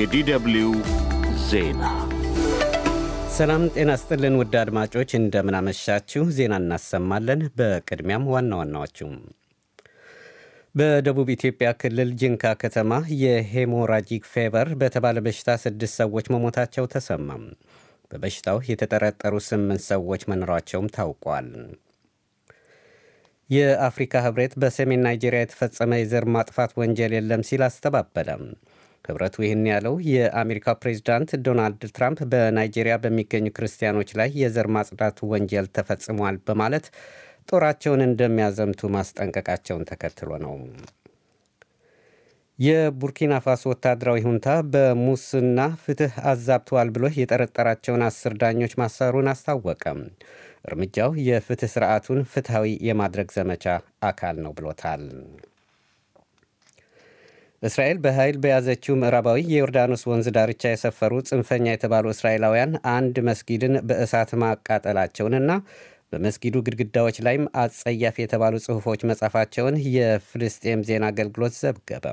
የዲደብልዩ ዜና ሰላም ጤና ስጥልን ውድ አድማጮች እንደምናመሻችሁ ዜና እናሰማለን። በቅድሚያም ዋና ዋናዎቹም በደቡብ ኢትዮጵያ ክልል ጅንካ ከተማ የሄሞራጂክ ፌቨር በተባለ በሽታ ስድስት ሰዎች መሞታቸው ተሰማም። በበሽታው የተጠረጠሩ ስምንት ሰዎች መኖራቸውም ታውቋል። የአፍሪካ ህብረት በሰሜን ናይጄሪያ የተፈጸመ የዘር ማጥፋት ወንጀል የለም ሲል አስተባበለም። ክብረቱ ይህን ያለው የአሜሪካ ፕሬዚዳንት ዶናልድ ትራምፕ በናይጄሪያ በሚገኙ ክርስቲያኖች ላይ የዘር ማጽዳት ወንጀል ተፈጽሟል በማለት ጦራቸውን እንደሚያዘምቱ ማስጠንቀቃቸውን ተከትሎ ነው። የቡርኪና ፋሶ ወታደራዊ ሁንታ በሙስና ፍትህ አዛብተዋል ብሎ የጠረጠራቸውን አስር ዳኞች ማሰሩን አስታወቀም። እርምጃው የፍትህ ስርዓቱን ፍትሐዊ የማድረግ ዘመቻ አካል ነው ብሎታል። እስራኤል በኃይል በያዘችው ምዕራባዊ የዮርዳኖስ ወንዝ ዳርቻ የሰፈሩ ጽንፈኛ የተባሉ እስራኤላውያን አንድ መስጊድን በእሳት ማቃጠላቸውንና በመስጊዱ ግድግዳዎች ላይም አጸያፊ የተባሉ ጽሑፎች መጻፋቸውን የፍልስጤም ዜና አገልግሎት ዘገበ።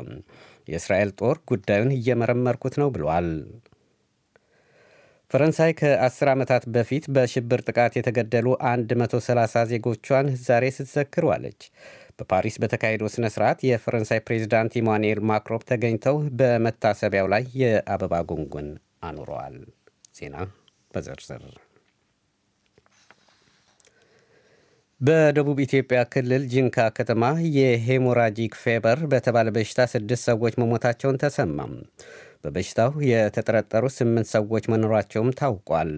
የእስራኤል ጦር ጉዳዩን እየመረመርኩት ነው ብሏል። ፈረንሳይ ከ10 ዓመታት በፊት በሽብር ጥቃት የተገደሉ 130 ዜጎቿን ዛሬ ስትዘክር በፓሪስ በተካሄደው ስነ ስርዓት የፈረንሳይ ፕሬዚዳንት ኢማኑኤል ማክሮን ተገኝተው በመታሰቢያው ላይ የአበባ ጉንጉን አኑረዋል። ዜና በዝርዝር በደቡብ ኢትዮጵያ ክልል ጂንካ ከተማ የሄሞራጂክ ፌበር በተባለ በሽታ ስድስት ሰዎች መሞታቸውን ተሰማም። በበሽታው የተጠረጠሩ ስምንት ሰዎች መኖራቸውም ታውቋል።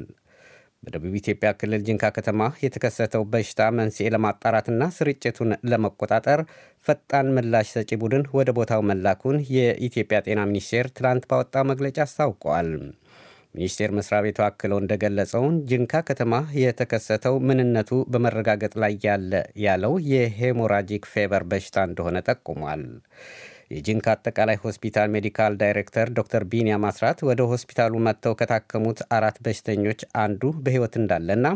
በደቡብ ኢትዮጵያ ክልል ጅንካ ከተማ የተከሰተው በሽታ መንስኤ ለማጣራትና ስርጭቱን ለመቆጣጠር ፈጣን ምላሽ ሰጪ ቡድን ወደ ቦታው መላኩን የኢትዮጵያ ጤና ሚኒስቴር ትላንት ባወጣው መግለጫ አስታውቋል። ሚኒስቴር መስሪያ ቤቱ አክለው እንደገለጸውን ጅንካ ከተማ የተከሰተው ምንነቱ በመረጋገጥ ላይ ያለ ያለው የሄሞራጂክ ፌቨር በሽታ እንደሆነ ጠቁሟል። የጂንካ አጠቃላይ ሆስፒታል ሜዲካል ዳይሬክተር ዶክተር ቢኒያ ማስራት ወደ ሆስፒታሉ መጥተው ከታከሙት አራት በሽተኞች አንዱ በሕይወት እንዳለና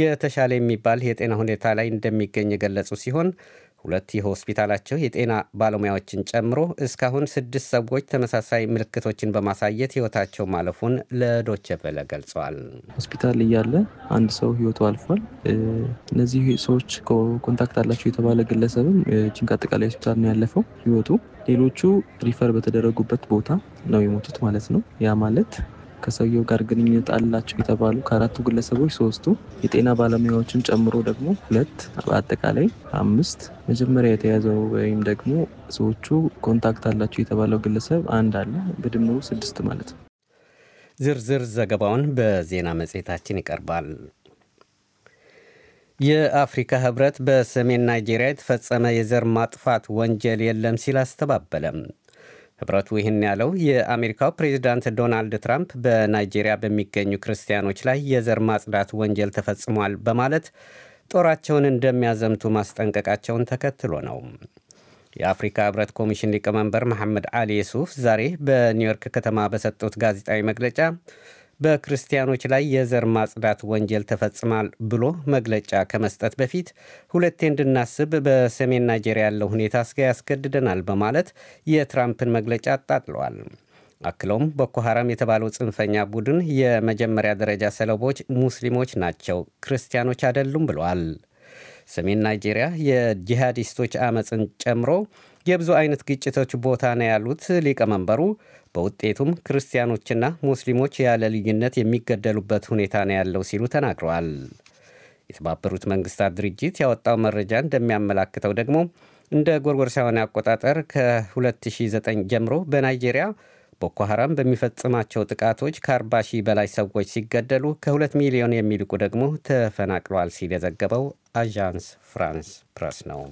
የተሻለ የሚባል የጤና ሁኔታ ላይ እንደሚገኝ የገለጹ ሲሆን ሁለት የሆስፒታላቸው የጤና ባለሙያዎችን ጨምሮ እስካሁን ስድስት ሰዎች ተመሳሳይ ምልክቶችን በማሳየት ህይወታቸው ማለፉን ለዶቸቨለ ገልጸዋል። ሆስፒታል እያለ አንድ ሰው ህይወቱ አልፏል። እነዚህ ሰዎች ኮንታክት አላቸው የተባለ ግለሰብም ጅንካ አጠቃላይ ሆስፒታል ነው ያለፈው ህይወቱ ሌሎቹ ሪፈር በተደረጉበት ቦታ ነው የሞቱት ማለት ነው። ያ ማለት ከሰውየው ጋር ግንኙነት አላቸው የተባሉ ከአራቱ ግለሰቦች ሶስቱ የጤና ባለሙያዎችን ጨምሮ ደግሞ ሁለት በአጠቃላይ አምስት መጀመሪያ የተያዘው ወይም ደግሞ ሰዎቹ ኮንታክት አላቸው የተባለው ግለሰብ አንድ አለ። በድምሩ ስድስት ማለት ነው። ዝርዝር ዘገባውን በዜና መጽሔታችን ይቀርባል። የአፍሪካ ህብረት በሰሜን ናይጄሪያ የተፈጸመ የዘር ማጥፋት ወንጀል የለም ሲል አስተባበለም። ህብረቱ ይህን ያለው የአሜሪካው ፕሬዚዳንት ዶናልድ ትራምፕ በናይጄሪያ በሚገኙ ክርስቲያኖች ላይ የዘር ማጽዳት ወንጀል ተፈጽሟል በማለት ጦራቸውን እንደሚያዘምቱ ማስጠንቀቃቸውን ተከትሎ ነው። የአፍሪካ ህብረት ኮሚሽን ሊቀመንበር መሐመድ አሊ የሱፍ ዛሬ በኒውዮርክ ከተማ በሰጡት ጋዜጣዊ መግለጫ በክርስቲያኖች ላይ የዘር ማጽዳት ወንጀል ተፈጽሟል ብሎ መግለጫ ከመስጠት በፊት ሁለቴ እንድናስብ በሰሜን ናይጄሪያ ያለው ሁኔታ እስከ ያስገድደናል በማለት የትራምፕን መግለጫ አጣጥለዋል። አክለውም ቦኮ ሐራም የተባለው ጽንፈኛ ቡድን የመጀመሪያ ደረጃ ሰለቦች ሙስሊሞች ናቸው፣ ክርስቲያኖች አይደሉም ብለዋል። ሰሜን ናይጄሪያ የጂሃዲስቶች አመፅን ጨምሮ የብዙ አይነት ግጭቶች ቦታ ነው ያሉት ሊቀመንበሩ፣ በውጤቱም ክርስቲያኖችና ሙስሊሞች ያለ ልዩነት የሚገደሉበት ሁኔታ ነው ያለው ሲሉ ተናግረዋል። የተባበሩት መንግስታት ድርጅት ያወጣው መረጃ እንደሚያመላክተው ደግሞ እንደ ጎርጎሮሳውያን አቆጣጠር ከ2009 ጀምሮ በናይጄሪያ ቦኮ ሐራም በሚፈጽማቸው ጥቃቶች ከ40 ሺህ በላይ ሰዎች ሲገደሉ ከ2 ሚሊዮን የሚልቁ ደግሞ ተፈናቅለዋል ሲል የዘገበው አዣንስ ፍራንስ ፕረስ ነው።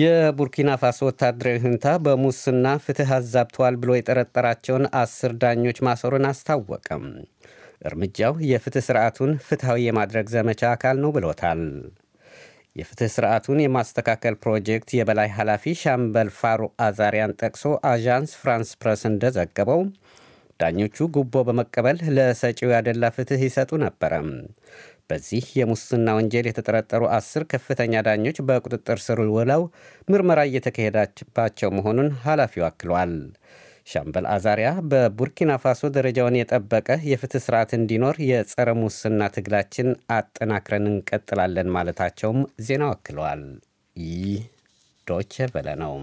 የቡርኪና ፋሶ ወታደራዊ ሁንታ በሙስና ፍትህ አዛብተዋል ብሎ የጠረጠራቸውን አስር ዳኞች ማሰሩን አስታወቀም። እርምጃው የፍትህ ስርዓቱን ፍትሐዊ የማድረግ ዘመቻ አካል ነው ብሎታል። የፍትህ ስርዓቱን የማስተካከል ፕሮጀክት የበላይ ኃላፊ ሻምበል ፋሩ አዛሪያን ጠቅሶ አዣንስ ፍራንስ ፕረስ እንደዘገበው ዳኞቹ ጉቦ በመቀበል ለሰጪው ያደላ ፍትህ ይሰጡ ነበረ። በዚህ የሙስና ወንጀል የተጠረጠሩ አስር ከፍተኛ ዳኞች በቁጥጥር ስር ውለው ምርመራ እየተካሄደባቸው መሆኑን ኃላፊው አክሏል። ሻምበል አዛሪያ በቡርኪና ፋሶ ደረጃውን የጠበቀ የፍትህ ስርዓት እንዲኖር የጸረ ሙስና ትግላችን አጠናክረን እንቀጥላለን ማለታቸውም ዜናው አክለዋል። ይህ ዶቼ ቬለ ነው።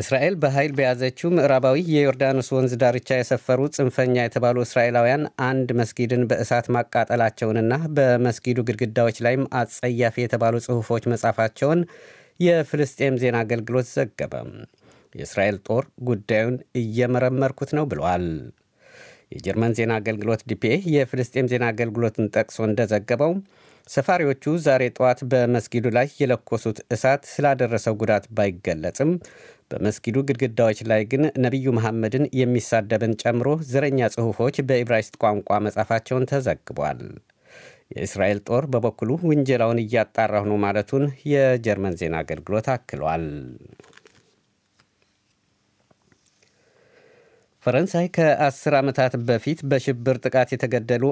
እስራኤል በኃይል በያዘችው ምዕራባዊ የዮርዳኖስ ወንዝ ዳርቻ የሰፈሩ ጽንፈኛ የተባሉ እስራኤላውያን አንድ መስጊድን በእሳት ማቃጠላቸውንና በመስጊዱ ግድግዳዎች ላይም አጸያፊ የተባሉ ጽሑፎች መጻፋቸውን የፍልስጤም ዜና አገልግሎት ዘገበ። የእስራኤል ጦር ጉዳዩን እየመረመርኩት ነው ብሏል። የጀርመን ዜና አገልግሎት ዲፒኤ የፍልስጤም ዜና አገልግሎትን ጠቅሶ እንደዘገበው ሰፋሪዎቹ ዛሬ ጠዋት በመስጊዱ ላይ የለኮሱት እሳት ስላደረሰው ጉዳት ባይገለጽም በመስጊዱ ግድግዳዎች ላይ ግን ነቢዩ መሐመድን የሚሳደብን ጨምሮ ዘረኛ ጽሑፎች በኢብራይስጥ ቋንቋ መጻፋቸውን ተዘግቧል። የእስራኤል ጦር በበኩሉ ውንጀላውን እያጣራሁ ነው ማለቱን የጀርመን ዜና አገልግሎት አክሏል። ፈረንሳይ ከ10 ዓመታት በፊት በሽብር ጥቃት የተገደሉ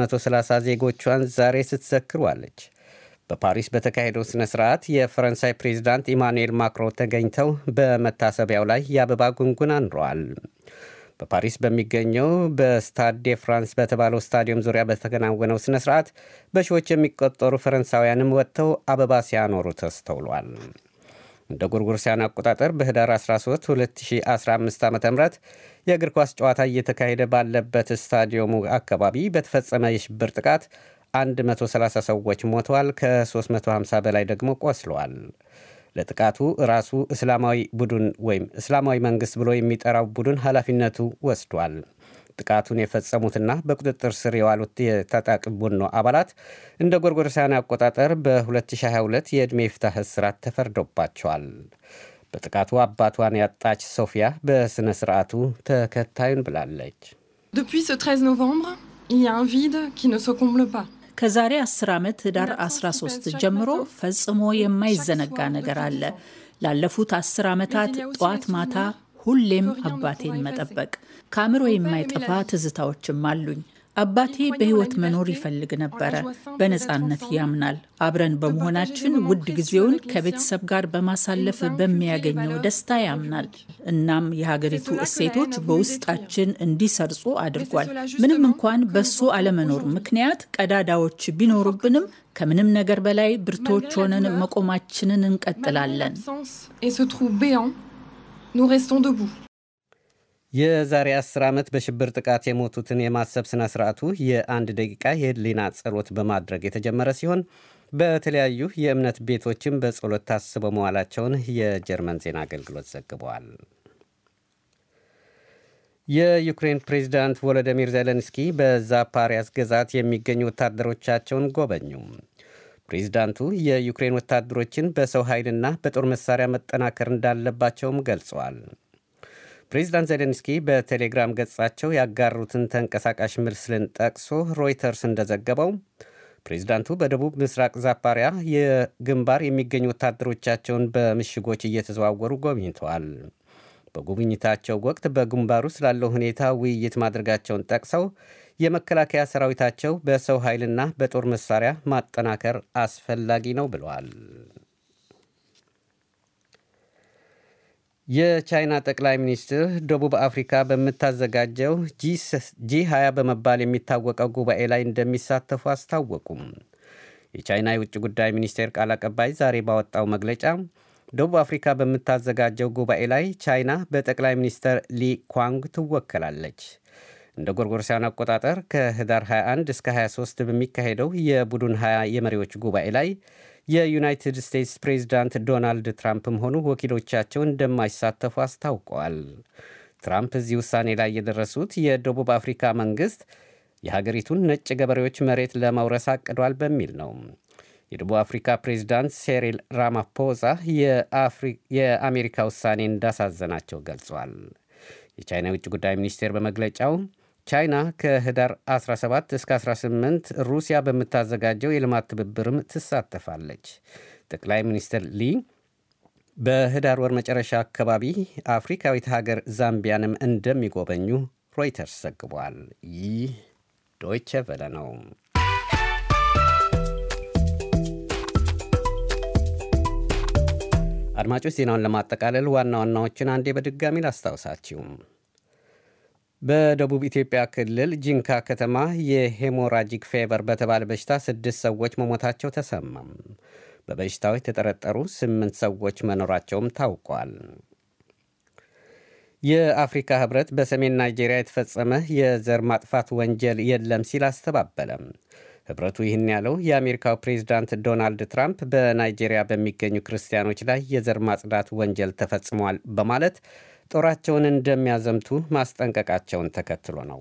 130 ዜጎቿን ዛሬ ስትዘክር በፓሪስ በተካሄደው ሥነ ሥርዓት የፈረንሳይ ፕሬዚዳንት ኢማኑኤል ማክሮ ተገኝተው በመታሰቢያው ላይ የአበባ ጉንጉን አኑረዋል። በፓሪስ በሚገኘው በስታድ ዴ ፍራንስ በተባለው ስታዲየም ዙሪያ በተከናወነው ሥነ ሥርዓት በሺዎች የሚቆጠሩ ፈረንሳውያንም ወጥተው አበባ ሲያኖሩ ተስተውሏል። እንደ ጎርጎርሲያን አቆጣጠር በህዳር 13 2015 ዓ ም የእግር ኳስ ጨዋታ እየተካሄደ ባለበት ስታዲየሙ አካባቢ በተፈጸመ የሽብር ጥቃት 130 ሰዎች ሞተዋል፣ ከ350 በላይ ደግሞ ቆስለዋል። ለጥቃቱ ራሱ እስላማዊ ቡድን ወይም እስላማዊ መንግሥት ብሎ የሚጠራው ቡድን ኃላፊነቱ ወስዷል። ጥቃቱን የፈጸሙትና በቁጥጥር ስር የዋሉት የታጣቂ ቡድኑ አባላት እንደ ጎርጎርሳን አቆጣጠር በ2022 የዕድሜ ይፍታህ እስራት ተፈርዶባቸዋል። በጥቃቱ አባቷን ያጣች ሶፊያ በሥነ ሥርዓቱ ተከታዩን ብላለች። ከዛሬ 10 ዓመት ህዳር 13 ጀምሮ ፈጽሞ የማይዘነጋ ነገር አለ። ላለፉት 10 ዓመታት ጠዋት ማታ ሁሌም አባቴን መጠበቅ። ከአእምሮ የማይጠፋ ትዝታዎችም አሉኝ። አባቴ በሕይወት መኖር ይፈልግ ነበረ። በነፃነት ያምናል። አብረን በመሆናችን ውድ ጊዜውን ከቤተሰብ ጋር በማሳለፍ በሚያገኘው ደስታ ያምናል። እናም የሀገሪቱ እሴቶች በውስጣችን እንዲሰርጹ አድርጓል። ምንም እንኳን በሱ አለመኖር ምክንያት ቀዳዳዎች ቢኖሩብንም ከምንም ነገር በላይ ብርቶች ሆነን መቆማችንን እንቀጥላለን። nous restons debout. የዛሬ አስር ዓመት በሽብር ጥቃት የሞቱትን የማሰብ ሥነ ሥርዓቱ የአንድ ደቂቃ የህሊና ጸሎት በማድረግ የተጀመረ ሲሆን በተለያዩ የእምነት ቤቶችም በጸሎት ታስበ መዋላቸውን የጀርመን ዜና አገልግሎት ዘግበዋል። የዩክሬን ፕሬዚዳንት ቮሎዲሚር ዜሌንስኪ በዛፓሪያስ ግዛት የሚገኙ ወታደሮቻቸውን ጎበኙ። ፕሬዚዳንቱ የዩክሬን ወታደሮችን በሰው ኃይልና በጦር መሳሪያ መጠናከር እንዳለባቸውም ገልጸዋል። ፕሬዚዳንት ዜሌንስኪ በቴሌግራም ገጻቸው ያጋሩትን ተንቀሳቃሽ ምስልን ጠቅሶ ሮይተርስ እንደዘገበው ፕሬዚዳንቱ በደቡብ ምስራቅ ዛፓሪያ የግንባር የሚገኙ ወታደሮቻቸውን በምሽጎች እየተዘዋወሩ ጎብኝተዋል። በጉብኝታቸው ወቅት በግንባሩ ስላለው ሁኔታ ውይይት ማድረጋቸውን ጠቅሰው የመከላከያ ሰራዊታቸው በሰው ኃይልና በጦር መሳሪያ ማጠናከር አስፈላጊ ነው ብለዋል። የቻይና ጠቅላይ ሚኒስትር ደቡብ አፍሪካ በምታዘጋጀው ጂ 20 በመባል የሚታወቀው ጉባኤ ላይ እንደሚሳተፉ አስታወቁም። የቻይና የውጭ ጉዳይ ሚኒስቴር ቃል አቀባይ ዛሬ ባወጣው መግለጫ ደቡብ አፍሪካ በምታዘጋጀው ጉባኤ ላይ ቻይና በጠቅላይ ሚኒስትር ሊ ኳንግ ትወከላለች። እንደ ጎርጎርሲያን አቆጣጠር ከህዳር 21 እስከ 23 በሚካሄደው የቡድን 20 የመሪዎች ጉባኤ ላይ የዩናይትድ ስቴትስ ፕሬዚዳንት ዶናልድ ትራምፕም ሆኑ ወኪሎቻቸው እንደማይሳተፉ አስታውቀዋል። ትራምፕ እዚህ ውሳኔ ላይ የደረሱት የደቡብ አፍሪካ መንግሥት የሀገሪቱን ነጭ ገበሬዎች መሬት ለማውረስ አቅዷል በሚል ነው። የደቡብ አፍሪካ ፕሬዚዳንት ሴሪል ራማፖዛ የአሜሪካ ውሳኔ እንዳሳዘናቸው ገልጿል። የቻይና የውጭ ጉዳይ ሚኒስቴር በመግለጫው ቻይና ከህዳር 17 እስከ 18 ሩሲያ በምታዘጋጀው የልማት ትብብርም ትሳተፋለች። ጠቅላይ ሚኒስትር ሊ በህዳር ወር መጨረሻ አካባቢ አፍሪካዊት ሀገር ዛምቢያንም እንደሚጎበኙ ሮይተርስ ዘግቧል። ይህ ዶይቸ ቨለ ነው። አድማጮች ዜናውን ለማጠቃለል ዋና ዋናዎችን አንዴ በድጋሚ ላስታውሳችሁም። በደቡብ ኢትዮጵያ ክልል ጂንካ ከተማ የሄሞራጂክ ፌቨር በተባለ በሽታ ስድስት ሰዎች መሞታቸው ተሰማም። በበሽታው የተጠረጠሩ ስምንት ሰዎች መኖራቸውም ታውቋል። የአፍሪካ ህብረት በሰሜን ናይጄሪያ የተፈጸመ የዘር ማጥፋት ወንጀል የለም ሲል አስተባበለም። ህብረቱ ይህን ያለው የአሜሪካው ፕሬዚዳንት ዶናልድ ትራምፕ በናይጄሪያ በሚገኙ ክርስቲያኖች ላይ የዘር ማጽዳት ወንጀል ተፈጽሟል በማለት ጦራቸውን እንደሚያዘምቱ ማስጠንቀቃቸውን ተከትሎ ነው።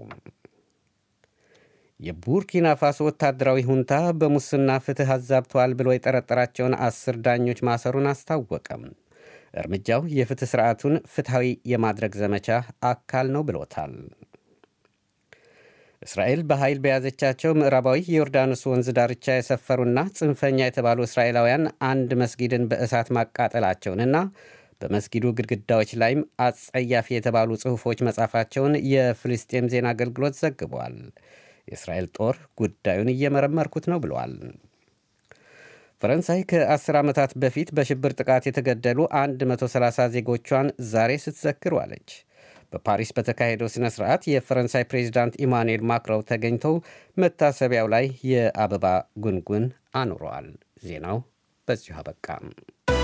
የቡርኪና ፋሶ ወታደራዊ ሁንታ በሙስና ፍትሕ አዛብተዋል ብሎ የጠረጠራቸውን አስር ዳኞች ማሰሩን አስታወቀም። እርምጃው የፍትሕ ሥርዓቱን ፍትሐዊ የማድረግ ዘመቻ አካል ነው ብሎታል። እስራኤል በኃይል በያዘቻቸው ምዕራባዊ የዮርዳኖስ ወንዝ ዳርቻ የሰፈሩና ጽንፈኛ የተባሉ እስራኤላውያን አንድ መስጊድን በእሳት ማቃጠላቸውንና በመስጊዱ ግድግዳዎች ላይም አጸያፊ የተባሉ ጽሑፎች መጻፋቸውን የፍልስጤም ዜና አገልግሎት ዘግቧል። የእስራኤል ጦር ጉዳዩን እየመረመርኩት ነው ብለዋል። ፈረንሳይ ከ10 ዓመታት በፊት በሽብር ጥቃት የተገደሉ 130 ዜጎቿን ዛሬ ስትዘክር ዋለች። በፓሪስ በተካሄደው ሥነ ሥርዓት የፈረንሳይ ፕሬዚዳንት ኢማኑኤል ማክሮን ተገኝተው መታሰቢያው ላይ የአበባ ጉንጉን አኑረዋል። ዜናው በዚሁ አበቃም።